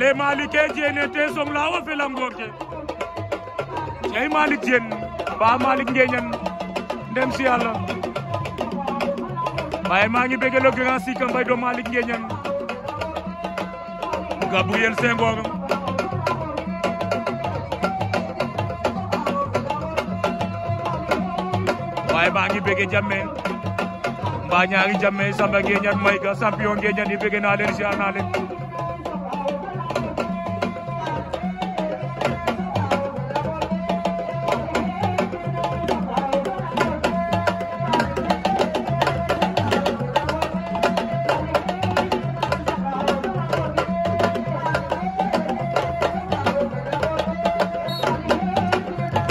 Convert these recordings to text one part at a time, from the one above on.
ale malike jene te songla wo felangoke cey malik jen ba malik ngeñan ndem si yàlla waaye maa ngi bëgg le grand si kambay do malik ngeñan Gabriel Senghor waaye maa ngi bëgg jamme mbaa ñaari jamme samba ngeñan may ga champion ngeñan i bëgg naa leen si naa leen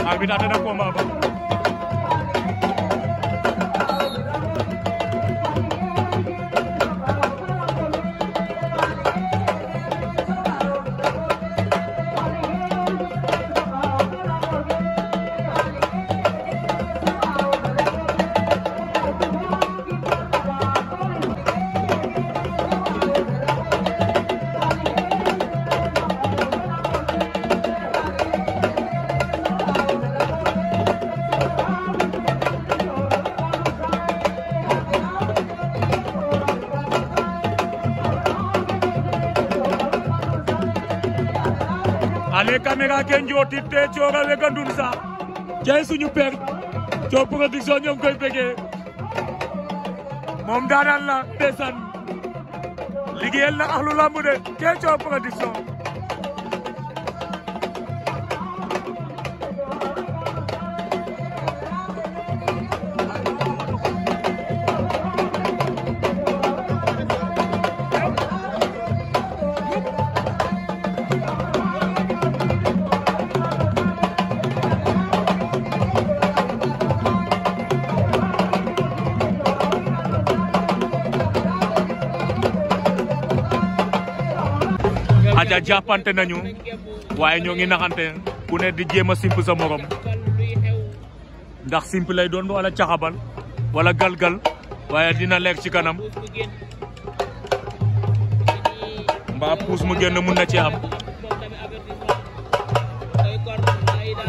arbitre ate na combat ba ale caméra ke njootitte coora we ga ndun sa cey suñu per coo production ñoom koy bégee moom daanaan la ndeysaan la na axlu lamb de cey coo production aja jàppante nañu waaye ñoo ngi naxante ku ne di jéem a simp sa morom ndax simp lay doon wala caxabal wala galgal waaye dina lekk ci kanam mbaa puus mu génn mun na ci am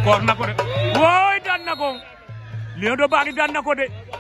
koor na ko de wooy daan na ko Lion de Bargny daan na de